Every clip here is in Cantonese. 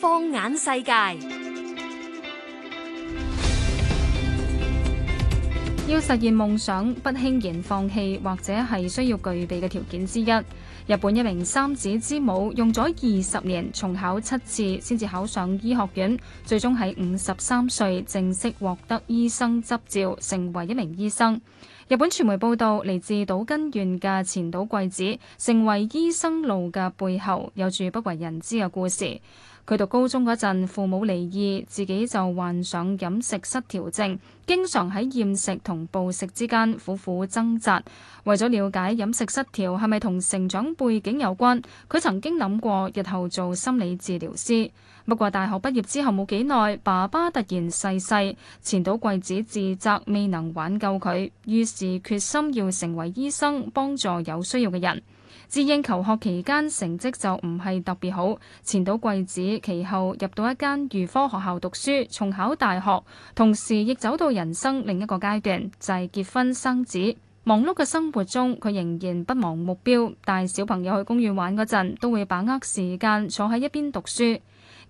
放眼世界，要實現夢想，不輕言放棄，或者係需要具備嘅條件之一。日本一名三子之母，用咗二十年，重考七次，先至考上醫學院，最終喺五十三歲正式獲得醫生執照，成為一名醫生。日本傳媒報道，嚟自島根縣嘅前島貴子，成為醫生路嘅背後有住不為人知嘅故事。佢讀高中嗰陣，父母離異，自己就患上飲食失調症，經常喺厭食同暴食之間苦苦掙扎。為咗了解飲食失調係咪同成長背景有關，佢曾經諗過日後做心理治療師。不過大學畢業之後冇幾耐，爸爸突然逝世，前島貴子自責未能挽救佢，於。自決心要成為醫生，幫助有需要嘅人。自認求學期間成績就唔係特別好，前到貴子，其後入到一間預科學校讀書，重考大學，同時亦走到人生另一個階段，就係、是、結婚生子。忙碌嘅生活中，佢仍然不忘目標。帶小朋友去公園玩嗰陣，都會把握時間坐喺一邊讀書。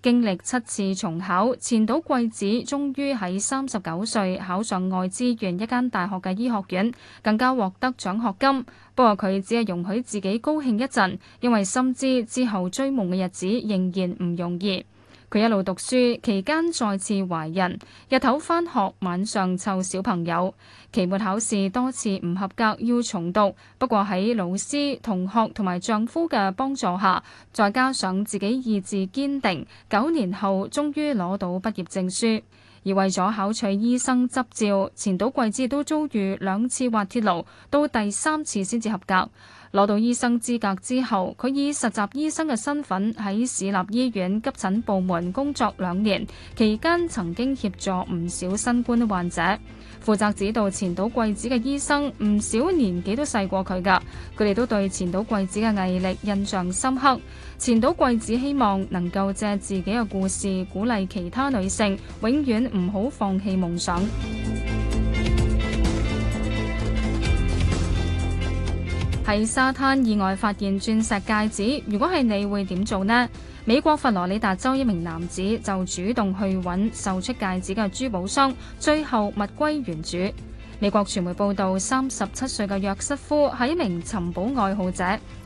經歷七次重考，前島桂子終於喺三十九歲考上愛知縣一間大學嘅醫學院，更加獲得獎學金。不過佢只係容許自己高興一陣，因為深知之後追夢嘅日子仍然唔容易。佢一路讀書期間再次懷孕，日頭返學，晚上湊小朋友，期末考試多次唔合格要重讀。不過喺老師、同學同埋丈夫嘅幫助下，再加上自己意志堅定，九年後終於攞到畢業證書。而為咗考取醫生執照，前島季節都遭遇兩次滑鐵盧，到第三次先至合格。攞到醫生資格之後，佢以實習醫生嘅身份喺市立醫院急診部門工作兩年，期間曾經協助唔少新冠患者。負責指導前島貴子嘅醫生唔少年紀都細過佢㗎，佢哋都對前島貴子嘅毅力印象深刻。前島貴子希望能夠借自己嘅故事鼓勵其他女性，永遠唔好放棄夢想。喺沙灘意外發現鑽石戒指，如果係你會點做呢？美國佛羅里達州一名男子就主動去揾售出戒指嘅珠寶商，最後物歸原主。美國傳媒報道，三十七歲嘅約瑟夫係一名尋寶愛好者。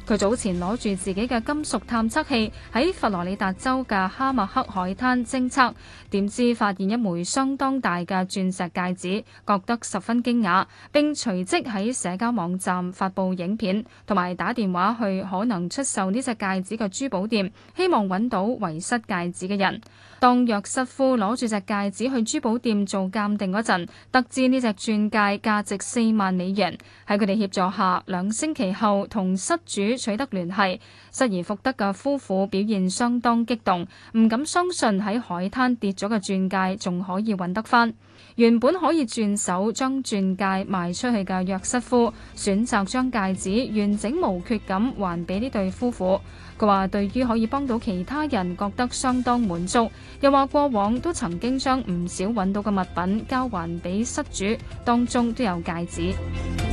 佢早前攞住自己嘅金屬探測器喺佛羅里達州嘅哈密克海灘偵測，點知發現一枚相當大嘅鑽石戒指，覺得十分驚訝，並隨即喺社交網站發佈影片，同埋打電話去可能出售呢隻戒指嘅珠寶店，希望揾到遺失戒指嘅人。當約瑟夫攞住隻戒指去珠寶店做鑑定嗰陣，得知呢隻鑽戒。係價值四萬美元，喺佢哋協助下，兩星期後同失主取得聯繫。失而復得嘅夫婦表現相當激動，唔敢相信喺海灘跌咗嘅鑽戒仲可以揾得翻。原本可以轉手將鑽戒賣出去嘅約瑟夫，選擇將戒指完整無缺咁還俾呢對夫婦。佢話對於可以幫到其他人，覺得相當滿足。又話過往都曾經將唔少揾到嘅物品交還俾失主，當中都有戒指。